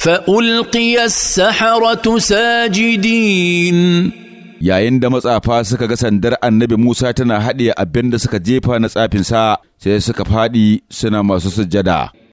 فألقي السحرة ساجدين yayin da matsafa suka ga sandar annabi Musa tana haɗiye abin da suka jefa na tsafinsa sai suka faɗi suna masu sujjada.